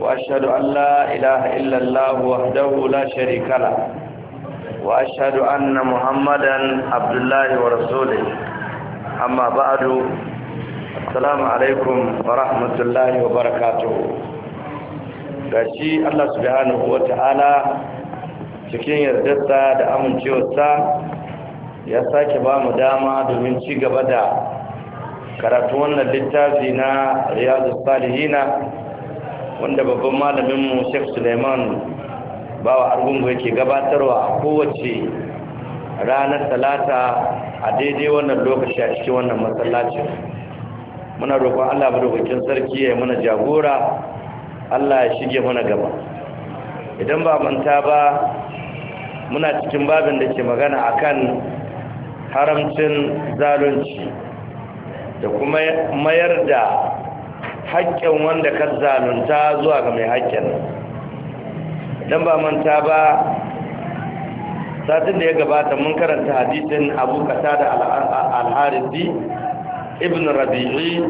وأشهد أن لا إله إلا الله وحده لا شريك له وأشهد أن محمدا عبد الله ورسوله أما بعد السلام عليكم ورحمة الله وبركاته gashi Allah subhanahu wata'ala cikin yardarsa da amincewarsa ya sake ba mu dama domin ci gaba da karatu wannan littafi na riyadu salihina wanda babban malaminmu Sheikh Suleiman bawa argungu yake gabatarwa a kowace ranar talata a daidai wannan lokaci a cikin wannan matsalacin muna roƙon allah madaukakin sarki ya yi mana jagora allah ya shige mana gaba idan ba manta ba muna cikin babin da ke magana akan haramcin zalunci da kuma mayar da haƙƙin wanda ka zalunta zuwa ga mai haƙƙin don ba manta ba satin da ya gabata mun karanta hadisin abu da alharisi ibn rabi'i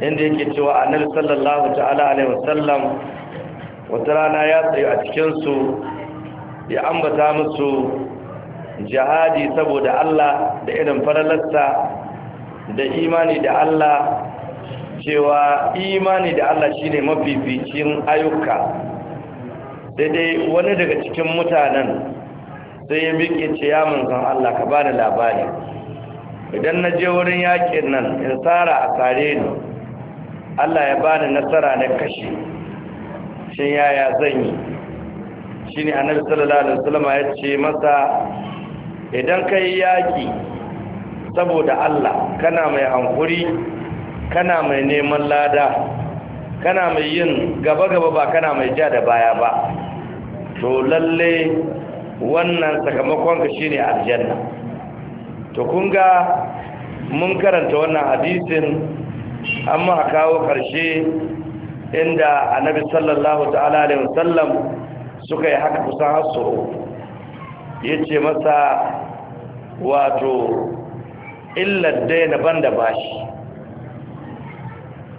inda yake cewa annabi sallallahu ta'ala alaihi wasallam wata rana ya tsaye a cikinsu ya ambata musu jihadi saboda Allah da irin falalarsa da imani da Allah cewa imani da Allah shi ne mafificin ayyuka Daidai wani daga cikin mutanen sai ya miƙe ce ya munzan Allah ka bani labari idan na je wurin yakin nan in tsara a tsare ni Allah ya bani nasara na kashe. shin yaya zan yi shine annabi sallallahu alaihi wasallam ya ce masa idan kai yaƙi, saboda Allah kana mai hankuri kana mai neman lada kana mai yin gaba-gaba ba kana mai ja da baya ba to lalle wannan sakamakonka shine aljanna to kun ga mun karanta wannan hadisin amma a kawo karshe inda annabi sallallahu ta'ala alaihi wasallam suka yi haka kusan hasuru yace masa wato illa daina banda bashi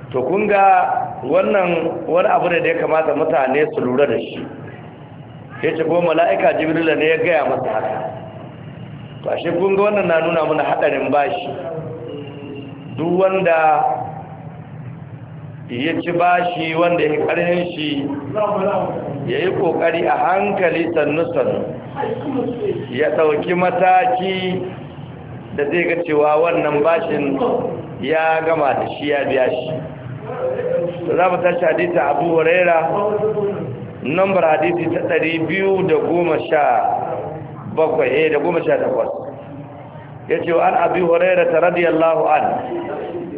to kun ga wannan wani abu ne da ya kamata mutane su lura da shi ya ce kuma mala'ika jibrila ne ya gaya masa haka to ashe kun ga wannan na nuna mana haɗarin bashi duk wanda ya ci bashi wanda ya ƙarfin shi ya yi ƙoƙari a hankali sannu-sannu ya ɗauki mataki da zai ga cewa wannan bashin ya gama da shi ya biya shi za mu tashi hadita abu huraira nambar hadisi ta ɗari biyu da goma sha bakwai eh da goma sha takwas ya ce an abi huraira ta radiyallahu an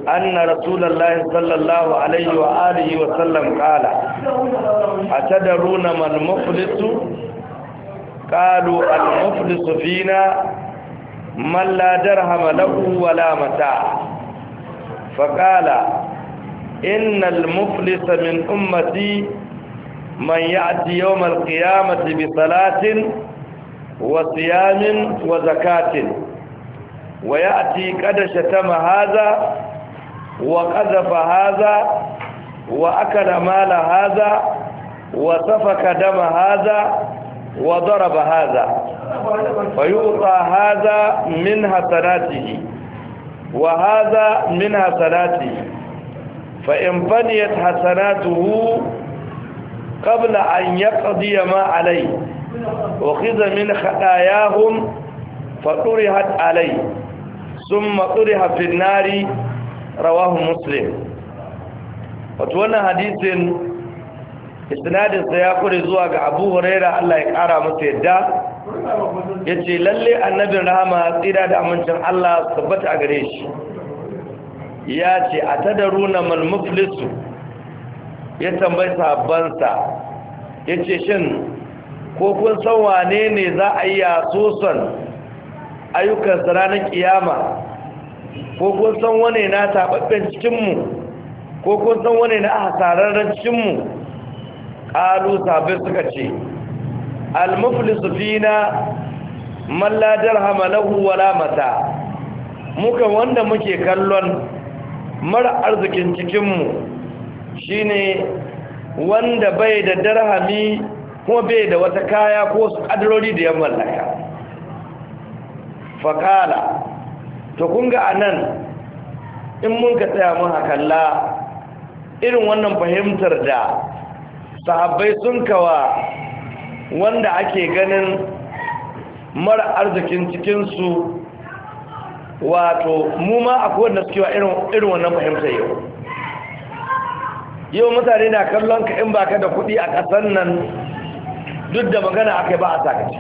an na rasulallah sallallahu alaihi wa alihi wa sallam kala a ta da runa malmuflisu kalu almuflisu fina man la darhama lahu wala mata faƙala إن المفلس من أمتي من يأتي يوم القيامة بصلاة وصيام وزكاة ويأتي قد شتم هذا وقذف هذا وأكل مال هذا وسفك دم هذا وضرب هذا ويؤطى هذا من حسناته وهذا من حسناته fa in baniyat hasanatuhu qabla an yaqdi ma alai wa khidha min khatayahum fa turihat alai thumma turiha fi nari rawahu muslim wato wannan hadisin isnadin ya kure zuwa ga Abu Huraira Allah ya kara masa yadda yace lallai annabin rahama tsira da amincin Allah tabbata a gare shi ya ce a da runa malmuflisu ya tambayi sabbansa, ya ce shin ko kun san wane ne za a yi yasusan ayyukansa ranar kiyama ko kun san wane na taɓaɓɓen cikinmu ko kun san wane na hasararren cikinmu ƙalu sabai suka ce almuflisu fina man la lahu wala mata muka wanda muke kallon mara arzikin cikinmu shi ne wanda bai da darhami kuma bai da wata kaya ko su adarori da ya mallaka faƙala to kunga a nan in mun ka tsaya mun hakalla irin wannan fahimtar da sahabbai sun kawa wanda ake ganin mara arzikin cikinsu wato mu ma akwai wanda suke wa irin wannan fahimtar yau yau mutane na kallon ka in baka da kuɗi a kasar nan duk da magana aka ba a sakaci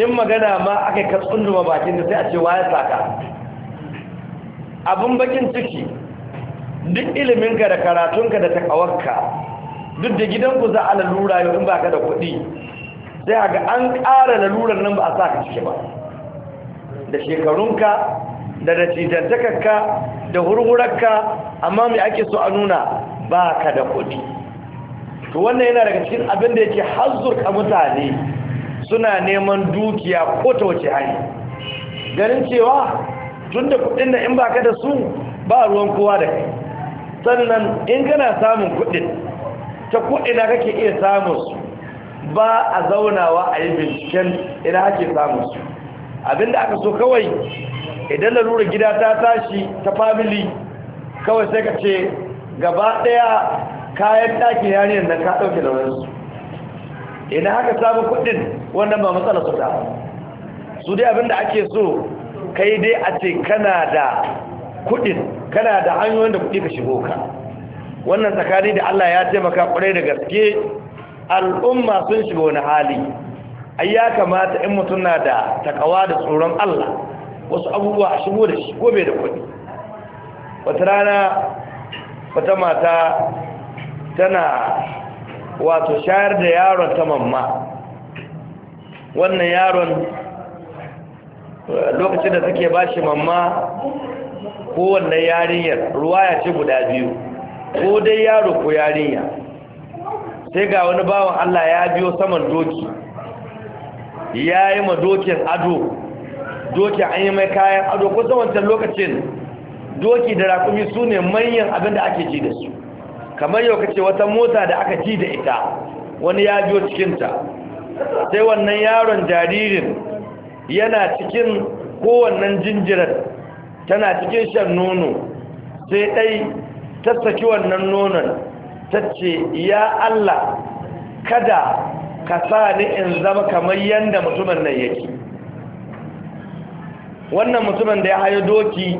in magana ma aka yi katsunduma bakin da sai a ce waye saka abin bakin ciki duk iliminka da karatunka da takawarka duk da gidanku za a lalura yau in baka da kuɗi sai a ga an ƙara lalurar nan ba a sakaci ba da shekarunka da dattijantakarka da hurhurarka amma mai ake so a nuna ba ka da kudi to wannan yana daga cikin abin da yake hazzurka mutane suna neman dukiya ko ta wace hanyar ganin cewa tun da kudin da in ba ka da su ba ruwan kowa da kai sannan in kana samun kudin ta kudina kake iya samun su ba a zaunawa a yi binciken ina ake samun su Abin da aka so kawai idan lalurar gida ta tashi ta famili kawai sai ka ce gaba daya kayan ɗakin yariyar da ka ɗauke da wani idan haka samu kuɗin wannan ba matsala su da su dai abin da ake so kai dai a ce kana da kuɗin kana da hanyoyin da kuɗi ka shigo ka wannan tsakani da Allah ya taimaka kwarai da gaske al'umma sun shiga wani hali ai ya kamata in mutum na da takawa da tsoron Allah wasu abubuwa a shigo da shi ko bai da kuɗi wata rana wata mata tana wato shayar da yaron ta mamma wannan yaron eh, lokacin da take ba shi mamma wannan yarinyar ruwa ya ce guda biyu ko dai yaro ko yarinya sai ga wani bawan Allah ya biyo saman doki ya yi ma dokin ado dokin an yi mai kayan ado ko wancan lokacin doki da rakumi su ne manyan abin da ake ji da su kamar yau kace wata mota da aka ji da ita wani ya biyo cikinta sai wannan yaron jaririn yana cikin kowannan jinjirar tana cikin shan nono sai ɗai ta saki wannan nonon ta ce ya Allah kada ka sa ni in zama kamar yadda mutumin nan yake wannan mutumin da ya hayo doki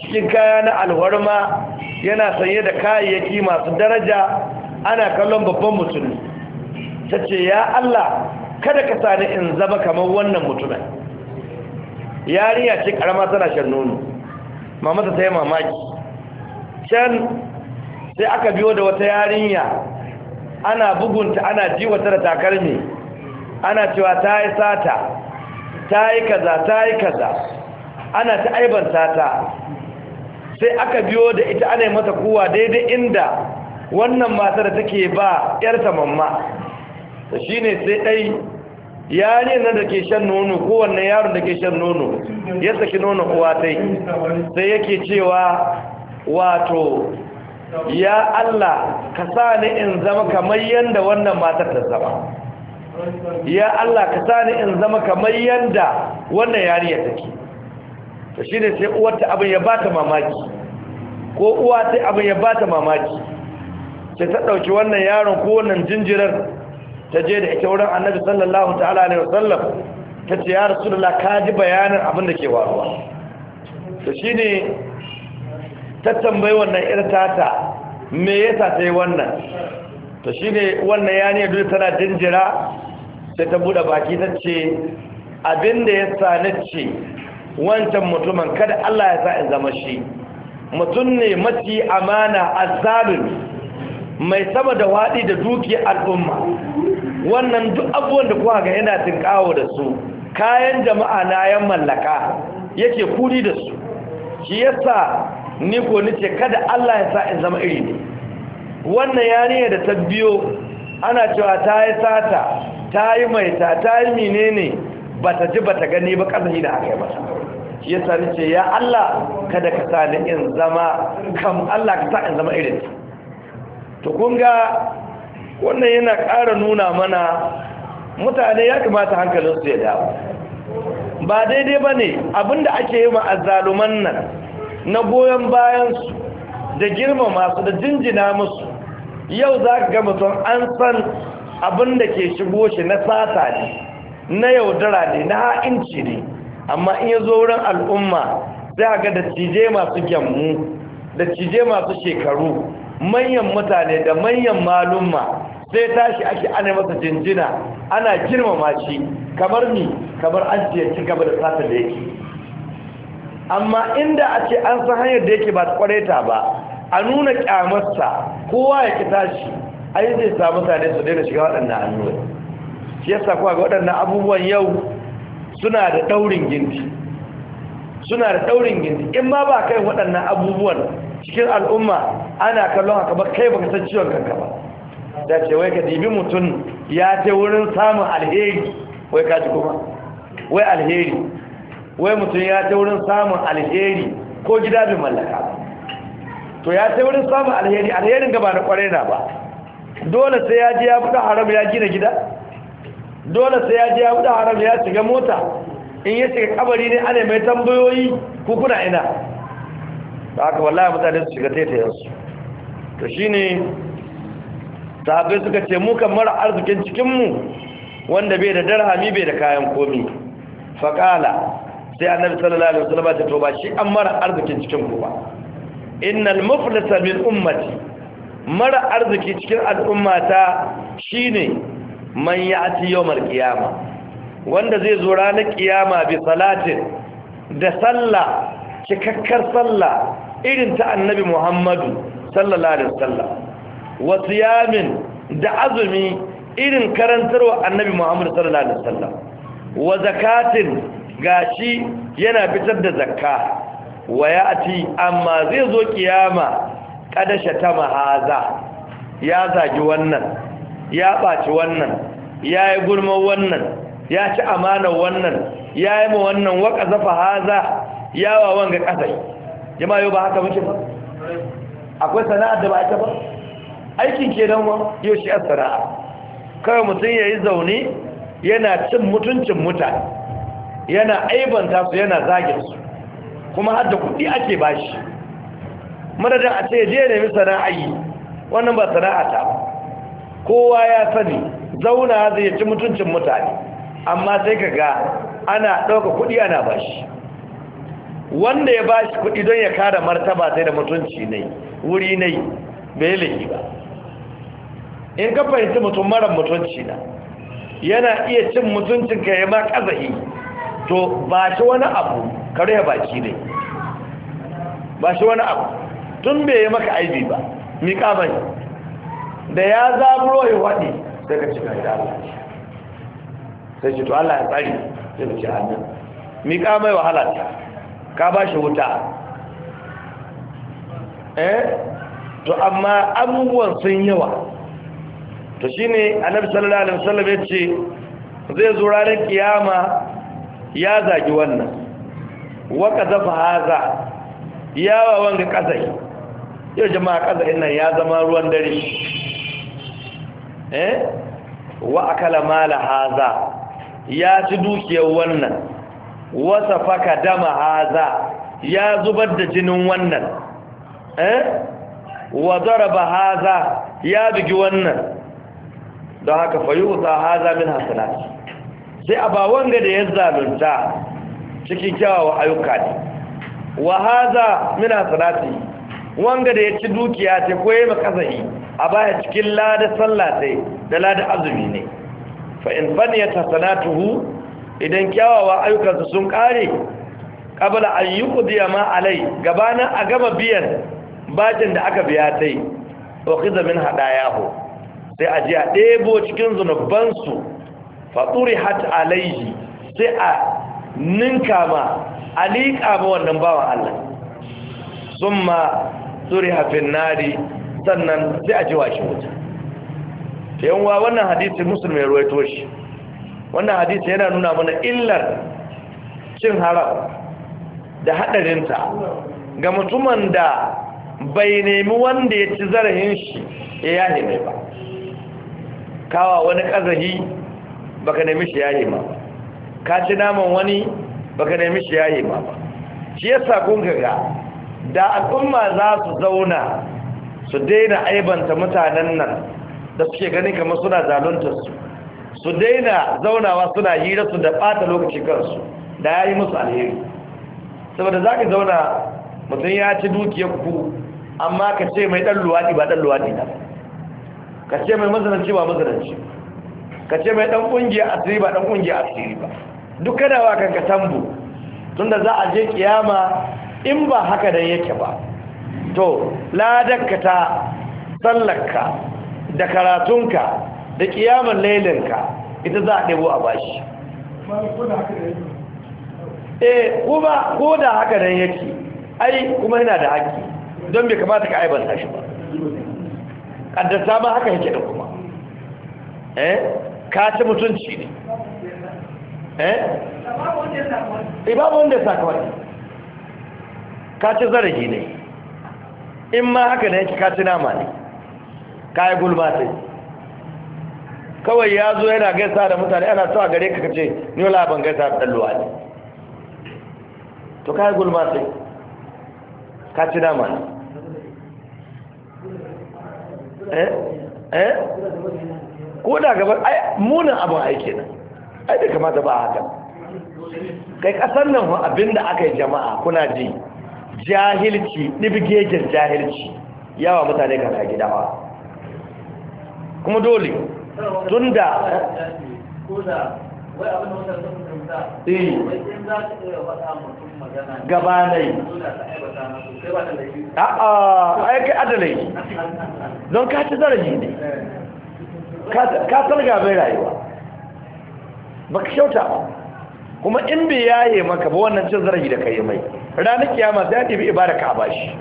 cikin kaya na alwarma yana sanye da kayayyaki masu daraja ana kallon babban mutum ta ce ya Allah kada ka sani in zama kamar wannan mutumin yariya ce karama tana shan nono mamata ta yi mamaki can sai aka biyo da wata yarinya ana bugunta ana jiwata da takalmi ana cewa ta yi sata ta yi kaza ta yi kaza ana ta aiban sata sai aka biyo da ita ana yi mata kuwa daidai inda wannan matar da take ba yarta mamma ta shi ne sai ɗai yarin nan da ke shan nono kowanne yaron da ke shan nono ya saki nono kuwa sai yake cewa wato ya Allah ka sa ni in zama kamar yanda wannan matar ta zama ya Allah ka sa ni in zama kamar yanda wannan yariya take to shine sai uwarta abin ya bata mamaki ko uwa sai abin ya bata mamaki sai ta dauki wannan yaron ko wannan jinjirar ta je da ita wurin Annabi sallallahu ta'ala alaihi wasallam ta ce ya rasulullah ka ji bayanin abin da ke waruwa to shine ta tambayi wannan ‘yar tata me yasa ta yi wannan to shi ne wannan ya ne duk tana jinjira sai ta buɗe baki ta ce abin ya sa ce wancan mutumin kada Allah ya sa in zama shi mutum ne maci amana azalun mai sama da waɗi da duki al'umma wannan duk abuwan da kuwa ga yana tinkawo da su kayan jama'a na yan mallaka yake kuri da su shi yasa ni ko ni ce kada Allah ya sa in zama iri ne wannan yariya da ta biyo ana cewa ta yi sata ta yi maita ta yi menene ba ta ji ba ta gani ba ƙazahi da aka yi mata ya sani ce ya Allah kada ka sa ni in zama kam Allah ka sa in zama irin to kun ga wannan yana ƙara nuna mana mutane ya kamata hankalinsu ya dawo ba daidai ba ne abinda ake yi ma azzaluman nan na goyon bayansu da girmama su da jinjina musu yau za ka ga son an san abin da ke shigo shi na sata ne na yaudara ne na ha'inci ne amma in ya zo wurin al'umma sai ga da cije masu gyammu da cije masu shekaru manyan mutane da manyan malumma sai tashi ake ana masa jinjina ana girmama shi kamar ni kamar an ce ci gaba da sata da yake amma inda a ce an san hanyar da yake ba ta kwareta ba a nuna kyamarsa kowa ya kita shi yi zai samu sane su daina shiga waɗannan hannuwa shi yasa kuwa ga waɗannan abubuwan yau suna da ɗaurin ginti suna da ɗaurin ginti in ma ba kai waɗannan abubuwan cikin al'umma ana kallon haka ba kai baka san ciwon kanka ba da ce wai ka dibi mutum ya ce wurin samun alheri wai ka ji kuma wai alheri wai mutum ya ta wurin samun alheri ko gida bai mallaka to ya ta wurin samun alheri alherin gaba na kwarai na ba dole sai ya ji ya buɗe haram ya gina gida dole sai ya ji ya buɗe haram ya shiga mota in ya shiga kabari ne ana mai tambayoyi ko kuna ina da aka wallahi mutane su shiga taitayensu to shine sahabai suka ce mu kan mara arzikin cikinmu wanda bai da darhami bai da kayan komi faƙala sai annabi sallallahu alaihi wasallam ya to ba shi an mara arzikin cikin ku ba innal muflisa min ummati mara arziki cikin al'ummata shine man ya'ti yawmal qiyama wanda zai zo ranar kiyama bi salatin da sallah cikakkar sallah irin ta annabi Muhammadu sallallahu alaihi wasallam wa siyamin da azumi irin karantarwa annabi Muhammadu sallallahu alaihi wasallam wa zakatin gashi yana fitar da zakka wa ya'ti amma zai zo kiyama kadasha ta mahaza ya zagi wannan ya baci wannan ya yi gulman wannan ya ci amana wannan ya yi ma wannan waka zafa haza ya wa wanga kasai jama'a yau ba haka muke ba akwai sana'ar da ba ita ba aikin ke nan wa yau shi a sana'a kawai mutum ya yi zaune yana cin mutuncin mutane yana aibanta su yana zagin su kuma har da kuɗi ake bashi madadin a ce je nemi sana'a yi wannan ba sana'a ta ba kowa ya sani zauna zai ci mutuncin mutane amma sai ka ga ana ɗauka kuɗi ana bashi wanda ya bashi kuɗi don ya kara martaba sai da mutunci ne wuri ne bai laifi ba in ka fahimci mutum mara mutunci yana iya cin mutuncinka ya ma ƙazahi to ba shi wani abu kare baki ne ba shi wani abu tun bai yi maka aibi ba miƙa bai da ya zaburo ya waɗi sai ka cika da Allah sai ce to Allah ya tsari sai ka ce mi miƙa mai wahala ta ka ba shi wuta eh to amma abubuwan sun yawa to shine annabi sallallahu alaihi wasallam ya ce zai zo ranar kiyama ya zagi wannan waka zafa haza yawa wanga kazai yau jama'a kazain nan ya zama ruwan dare eh wa akala mala haza ya ci dukiyar wannan wasa faka dama haza ya zubar da jinin wannan eh wa daraba haza ya bugi wannan don haka fayu za haza min hasalati sai a ba wanga da ya zalunta cikin kyawawa ayyuka ne wa haza mina salati wanga da ya ci dukiya ta koye makazahi a baya cikin lada sallah da lada azumi ne fa in ta salatuhu idan kyawawa ayyukansu sun kare kabala ayyuqdiya ma alai gabanin a gama biyan bajin da aka biya tai wa khiza min hadayahu sai a ji a ɗebo cikin zunubansu faɗuri hat alaihi sai a ninka ma a liƙa ma wannan bawan Allah sun ma turi hafin nari sannan sai a ji washe wuta yanwa wannan hadisi musulmi ya ruwaito shi wannan hadisi yana nuna mana illar cin haram da haɗarinta ga mutumin da bai nemi wanda ya ci zarafin shi ya yi ba kawa wani ƙazahi baka nemi shi yayi ma ka ci naman wani baka nemi shi yayi ma shi yasa kun ga da al'umma za su zauna su daina aibanta mutanen nan da suke gani kamar suna zaluntar su su daina zaunawa suna hira su da bata lokaci kansu da yayi musu alheri saboda za ka zauna mutum ya ci dukiyar ku amma ka ce mai dan luwadi ba dan luwadi na ka ce mai mazananci ba mazananci ba ka ce mai dan kungiya asiri ba dan kungiya asiri ba duk kana wa kanka tambu tunda za a je kiyama in ba haka dan yake ba to ladarka ta sallarka da karatunka da kiyaman lailinka ita za a ɗebo a bashi eh kuma ko da haka dan yake ai kuma yana da haƙƙi don bai kamata ka aibanta shi ba ƙaddasa ma haka yake da kuma eh ka mutunci ne eh? eh babu wanda ya saka wani ka ci zarafi ne in ma haka ne yake kaci nama ne ka yi gulma sai kawai ya zo yana gaisa da mutane ana so a gare ka kace ni wala ban gaisa da dalluwa ne to ka yi gulma sai ka nama ne eh eh ko da gaba munin abin aiki nan ai da kamata ba haka kai kasan nan abinda aka yi jama'a kuna ji jahilci dibgegen jahilci yawa mutane kan gida ba kuma dole tun da wata eh. gabanai a'a aiki adalai don ka ci zarafi ne ka talga mai rayuwa ba ka kyauta ba kuma in bai yaye maka ba wannan cin zarafi da ka yi mai ranar kiyama sai ya ɗibi ibada ka ba shi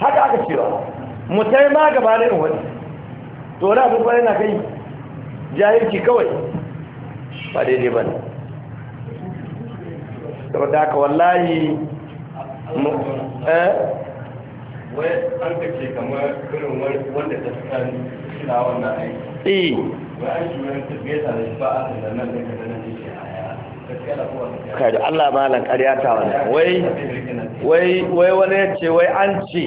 haka aka cewa mutai ma gaba da in wani to wani abubuwa yana kai jahilci kawai ba daidai ba ne saboda haka wallahi eh? wai an ka kamar irin wanda ta san suna wannan aiki eh wai an shi wani tafiye da shi ba a san nan da kada nan shi kai da Allah malam ƙarya ta wani wai wai wai wani ya ce wai an ce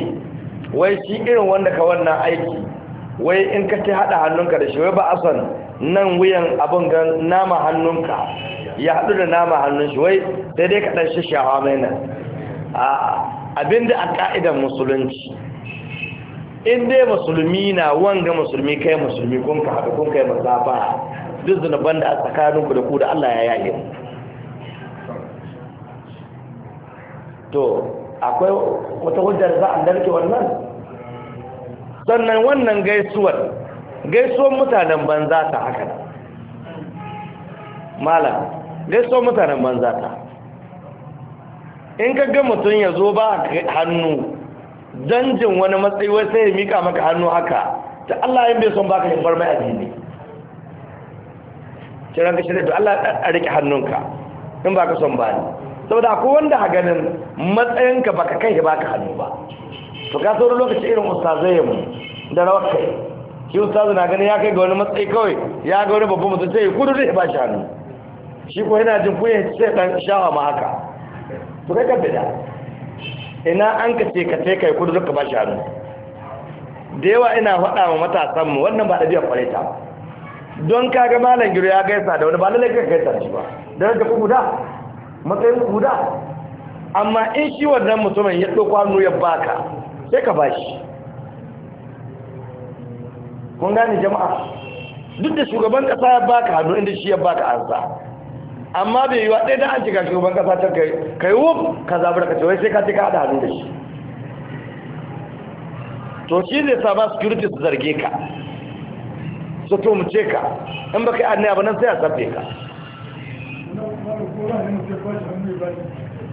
wai shi irin wanda ka wannan aiki wai in ka ce haɗa hannunka da shi wai ba Asan nan wuyan abin gan nama hannunka ya haɗu da nama hannun shi wai sai dai ka ɗan shi shawa mai nan a abinda a ka'idan musulunci in dai musulmi na wanga musulmi kai musulmi kun ka haɗu kun kai mazafa duk ban da a tsakaninku da ku da Allah ya yaye mu to akwai wata hujjar za a narke wannan sannan wannan gaisuwar gaisuwar mutanen banza ta haka malam gaisuwar mutanen banza ta in ka ga mutum ya zo ba hannu danjin wani matsayi wai sai ya mika maka hannu haka ta Allah yin bai son baka yin bar mai addini kiran ka shirya to Allah a rike hannunka in baka son ba ni saboda akwai wanda a ganin matsayinka baka kai ya baka hannu ba to ka sauran lokaci irin ustazai mu da rawar kai shi ustazu na ganin ya kai ga wani matsayi kawai ya ga wani babban mutum sai ya kudu zai ba shi hannu shi ko yana jin kunya sai dan shawa ma haka to kai ka bida ina an ka ce ka ce kai kudu zuka ba shi hannu da yawa ina faɗa wa matasanmu wannan ba ɗabi'a kwarai ta don ka ga malam giro ya gaisa da wani ba lallai ka gaisa da shi ba da ka ku guda matsayin ku guda amma in shi wannan mutumin ya ɗauko hannu ya baka sai ka bashi kun gane jama'a duk da shugaban ƙasa ya baka hannu inda shi ya baka ansa amma bai wa ɗaya da an shiga shugaban ƙasa ta kai kai wuf ka zaɓi ka cewa sai ka ce ka haɗa hannu da shi to shi zai sa security su zarge ka su tumce ka in ba kai annaya ba nan sai a zaɓe ka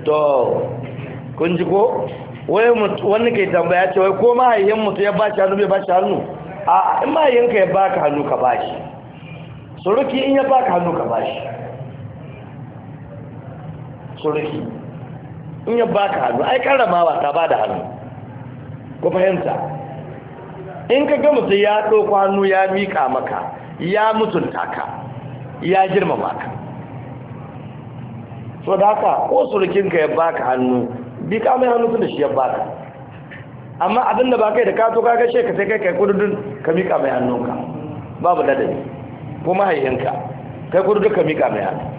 to kun ji ko wai wani kai tambaya ce wai ko mahaihin mutu ya bashi hannu bai bashi hannu a in mahaihin ka ya baka hannu ka bashi suruki in ya baka hannu ka bashi sulhi in ba ka hannu ai karramawa ta ba da hannu ku fahimta in ka ga mutum ya ɗauko hannu ya miƙa maka ya mutunta ka ya girmama ka so da haka ko surukinka ya baka hannu bi ka mai hannu da shi ya baka amma abin da ba kai da ka to kaga shi ka sai kai kai kududun ka miƙa mai hannunka babu ladabi ko mahaihinka kai kududun ka miƙa mai hannu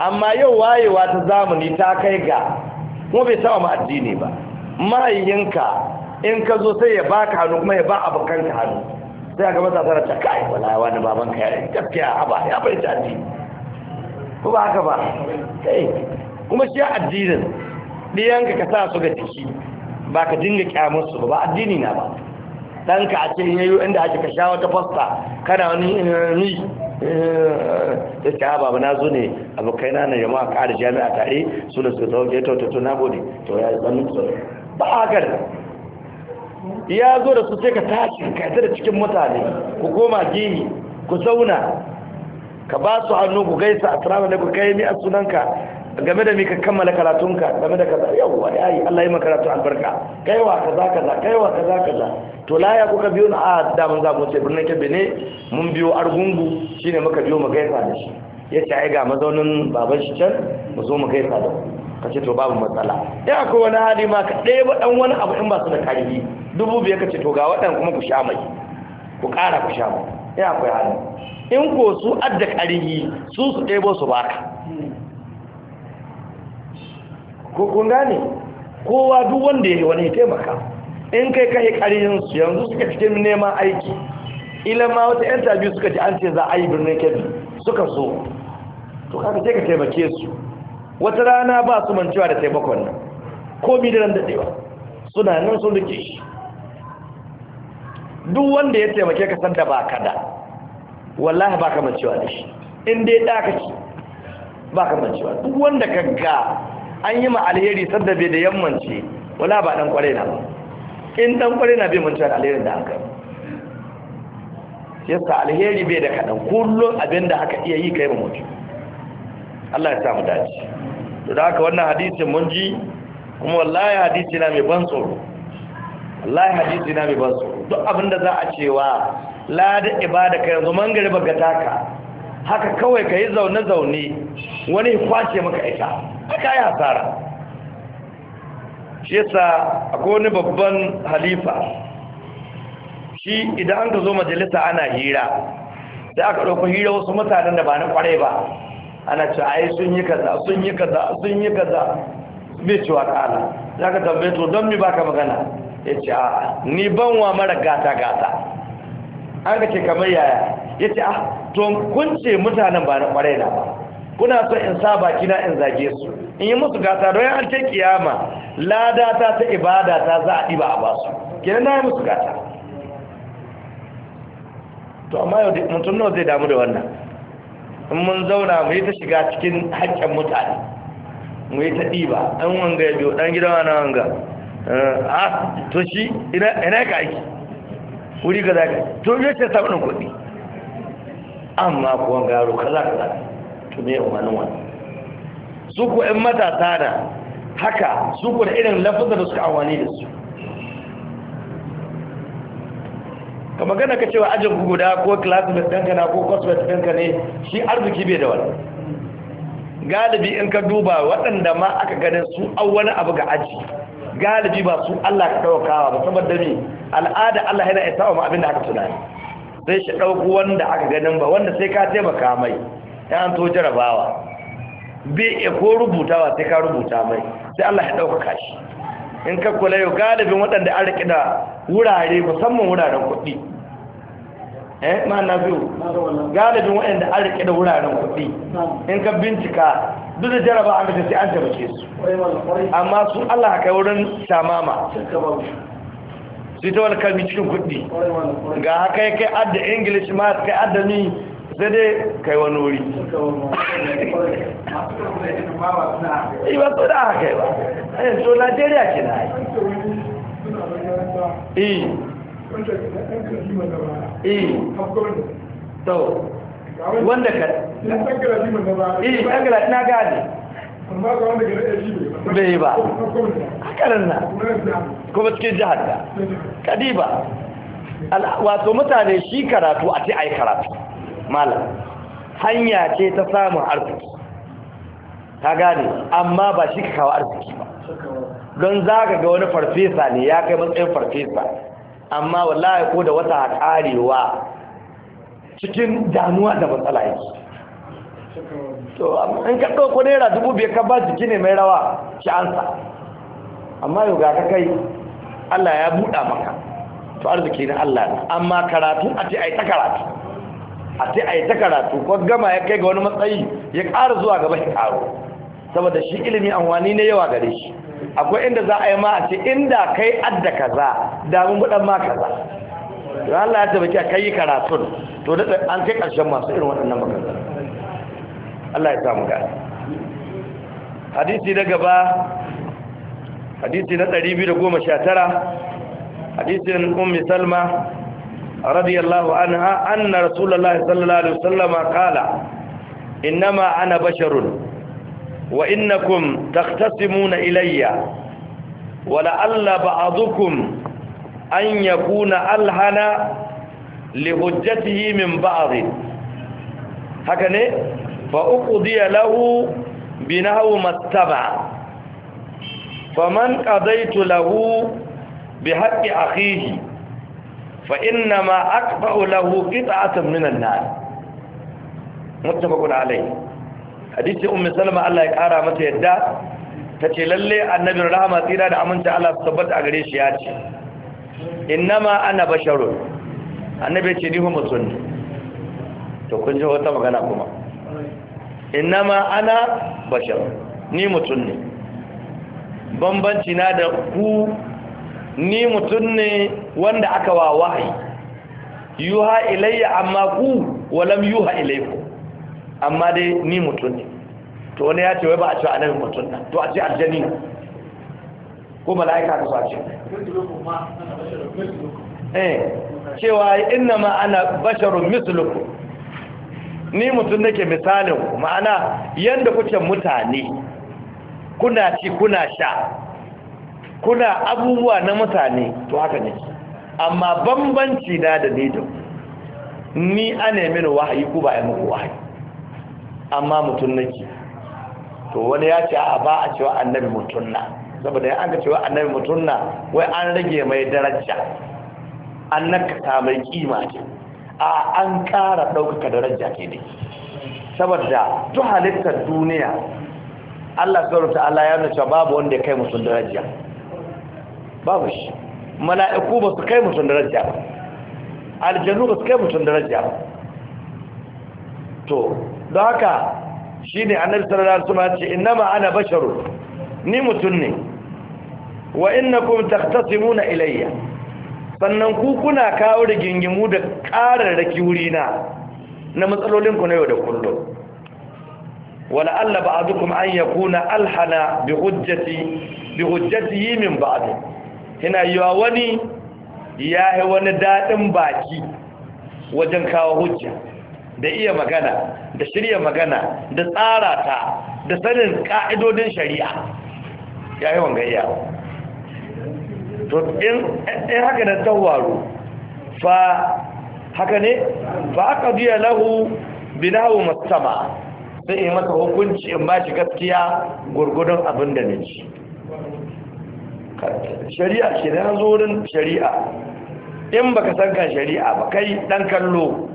amma yau wayewa ta zamani ta kai ga kuma bai taba mu addini ba mahayinka in ka zo sai ya baka hannu kuma ya ba abokan ka hannu sai ga matasa na ta kai ya wani baban ka ya gaskiya haba ya bai ta addini ko ba haka ba kai kuma shi addinin diyanka ka sa su ga tiki ba ka dinga kyamar su ba ba addini na ba ka a ce yayo inda ake ka sha wata fasta kana wani eh, ni Eh, ya ce baba na zo ne abokai na na jama'a ƙara jami'a tare su da su zaune to to na gode to ya ba a ya zo da su sai ka tashi ka da cikin mutane ku koma gini ku zauna ka ba su hannu ku gaisa a tsirawa da ku kai mi a sunanka game da mika kammala karatunka game da kaza yawwa yayi Allah ya maka karatu albarka kaiwa kaza kaza kaiwa kaza kaza to laya kuka biyo na da mun za mu ce birnin kebe ne mun biyo argungu shine muka biyo mu gaisa da shi ya ce ai ga mazaunin baban shi can mu zo mu gaisa da ka ce to babu matsala ya akwai wani hali ma ka ɗaya ba ɗan wani abu in ba su da karfi dubu biyar ka ce to ga waɗan kuma ku sha mai ku ƙara ku sha mai ya akwai hali in ko su adda karfi su su ɗebo su baka ko kun gane kowa duk wanda ya wani taimaka in kai kai ƙarin su yanzu suka cikin neman aiki ma wata yan tabi suka ji an ce za a yi birnin kebbi suka so to kaka sai ka taimake su wata rana ba su mancewa da taimakon nan Ko mi da ran daɗewa suna nan sun rike shi duk wanda ya taimake ka sanda ba ka da wallahi ba ka mancewa da shi in dai ɗaka ce ba ka mancewa duk wanda ka ga an yi ma alheri sadda bai da yammanci wala ba dan kwarai na ba in dan kwarai na bai manci alherin da haka yi yasa alheri bai da kaɗan kullum abin da aka iya yi kai ba mutu Allah ya samu dace to da haka wannan hadisin mun ji kuma wallahi hadisi na mai ban tsoro wallahi hadisi na mai ban tsoro duk abin da za a cewa lada ibada ka yanzu ba ga taka haka kawai ka yi zaune-zaune wani ya kwace maka ita aka yi hasara shi yasa akwai wani babban halifa shi idan an ka zo majalisa ana hira sai aka ɗauka hira wasu mutanen da ba na kwarai ba ana ce ai sun yi kaza sun yi kaza sun yi kaza bai cewa ƙala za ka tambaye to don mi baka magana ya ce a ni ban wa mara gata gata an ka ce kamar yaya ya ce a ah, to kun ce mutanen ba na kwarai na ba kuna son in sa bakina in zage su in yi musu gata don an ce kiyama lada ta ta ibada ta za a ɗiba a basu kenan na yi musu gata to amma yau mutum nawa zai damu da wannan in mun zauna mu yi ta shiga cikin haƙƙin mutane mu yi ta ɗiba ɗan wanga ya biyo ɗan gidan na wanga eh, a to shi ina ka aiki wuri ga zaka to yi ce samun kuɗi amma kuwan garo kaza kaza to me wani su ku ‘yan matasa da haka su ku da irin lafazar da suka awani da su ka magana ka cewa ajin ku guda ko classmate ɗanka na ko kosmet ɗanka ne shi arziki bai da wani galibi in ka duba waɗanda ma aka ganin su awwani wani abu ga aji galibi ba su Allah ka ɗaukawa ba saboda ne al'ada Allah yana isa wa abin da aka tunani sai shi ɗauku wanda aka ganin ba wanda sai ka taimaka mai ya an to jarabawa bai iya ko rubutawa sai ka rubuta mai sai Allah ya ɗaukaka shi in ka kula yau galibin waɗanda an riƙe da wurare musamman wuraren kuɗi eh ma na biyu galibin waɗanda an riƙe da wuraren kuɗi in ka bincika duk da jaraba an gaje sai an tabbace su amma su Allah haka wurin tamama sai ta wani kalbi cikin kuɗi ga haka ya kai adda english ma kai adda ni sai dai kai wani wuri yi ba so da aka kai ba ayin eh, so najeriya ke na yi yi to wanda ka yi ɗangara na gani bai ba hakanan na kuma cikin jihar da kadi ba wato mutane shi karatu a ti ai karatu malam hanya ce ta samun arziki ta gane amma ba shi kawo arziki ba don za ka ga wani farfesa ne ya kai matsayin farfesa amma wallahi ko da wata karewa cikin damuwa da matsala yake to in ka ɗauko naira dubu biyar ka ba jiki ne mai rawa ki ansa amma yau ga ka kai Allah ya buɗa maka to arziki na Allah ne amma karatu a ce ai ta karatu a ta a yi ta karatu ko gama ya kai ga wani matsayi ya ƙara zuwa gaba ya ƙaro saboda shi ilimi amfani ne yawa gare shi akwai inda za a yi ma a ce inda kai adda kaza damun dan ma kaza ya Allah ya tabbaki a kai karatun to da an kai karshen masu irin waɗannan magana Allah ya samu gani hadisi na gaba hadisi na 219 hadisin ummi salma رضي الله عنها أن رسول الله صلى الله عليه وسلم قال إنما أنا بشر وإنكم تختصمون إلي ولعل بعضكم أن يكون ألهنا لهجته من بعض هكذا فأقضي له بنهو ما استمع فمن قضيت له بحق أخيه fa in inna ma atba'u lahu qita'atan minan nar muttafaqun alayhi hadisi ummu salama Allah ya kara mata yadda Ta ce lalle annabin rahama tsira da aminci Allah su tabbata a gare shi ya ce In innama ana basharun annabi ce ni kuma mutum to kun ji wata magana kuma In innama ana basharun ni mutum ne bambanci na da ku ni mutum ne wanda aka wa wahayi yuha ilayya amma ku walam yuha ilayku amma dai ni mutum ne to wani ya ce wai ba a ce annabi mutum na to a ce aljani ko mala'ika ka sa a ce eh cewa inna ma ana basharun mislukum ni mutum nake misalin ma'ana yanda kuke mutane kuna ci kuna sha kuna abubuwa na mutane to haka ne amma bambanci na da ne ni ana mini wahayi ku ba ya muku wahayi amma mutum nake to wani ya ce a ba a cewa annabi mutum na saboda ya an ga cewa annabi mutum na wai an rage mai daraja an nakata mai kima ce a an ƙara ɗaukaka daraja ke ne saboda duk halittar duniya Allah sauran ta'ala ya nuna cewa babu wanda ya kai mutum daraja babu shi mala'iku ba su kai mutum daraja ba aljanu ba su kai mutum daraja ba to don haka shi ne annabi sallallahu alaihi wasallam ce innama ma'ana basharu ni mutum ne wa innakum taqtasimuna ilayya sannan ku kuna kawo da gingimu da ƙararraki wuri na na matsalolin ku na yau da kullum wala a ba'dukum an yakuna alhana bi hujjati min ba'dihi yana yi wa wani ya yi wani daɗin baki wajen kawo hujja da iya magana da shirya magana da tsara ta da sanin ƙa'idodin shari'a ya yi wangayya to in haka da tawaro fa haka ne ba aka biya lahu binahu matsama, sai yi maka hukunci in ba shi gaskiya gurgudun abin da ne ci shari'a ke da zo wurin shari'a in baka san kan shari'a ba kai dan kallo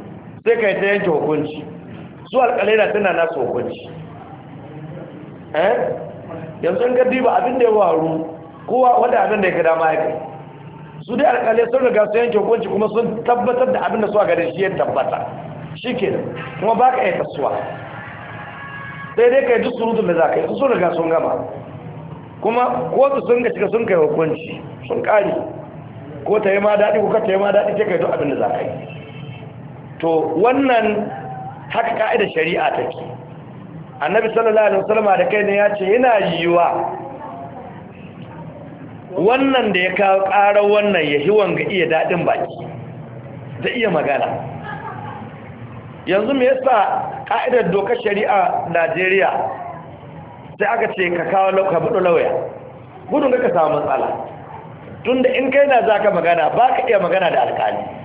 sai kai ta yanke hukunci su alƙalai na tana nasu hukunci eh yanzu in gadi ba abin da ya waru kowa wanda abin da ya kada ma'aikai su dai alƙalai sun riga su yanke hukunci kuma sun tabbatar da abin da su a gari shi ya tabbata shi ke kuma ba ka yi tasuwa sai dai ka yi duk surutun da za ka yi su sun riga sun gama kuma kotu sun ga cika sun kai hukunci sun kare ko ta yi ma daɗi ko ka ta yi ma daɗi ta kai to abin da za ka yi to wannan haka ka'ida shari'a ta ke. annabi sallallahu alaihi wasallam da kai ne ya ce yana yiwuwa. wannan da ya kawo ƙarar wannan ya yi wanga iya daɗin baki da iya magana yanzu me yasa ka'idar dokar shari'a Najeriya sai aka ce ka kawo ka buɗe lauya gudun ka samu matsala tunda in kai na za ka magana ba ka iya magana da alkali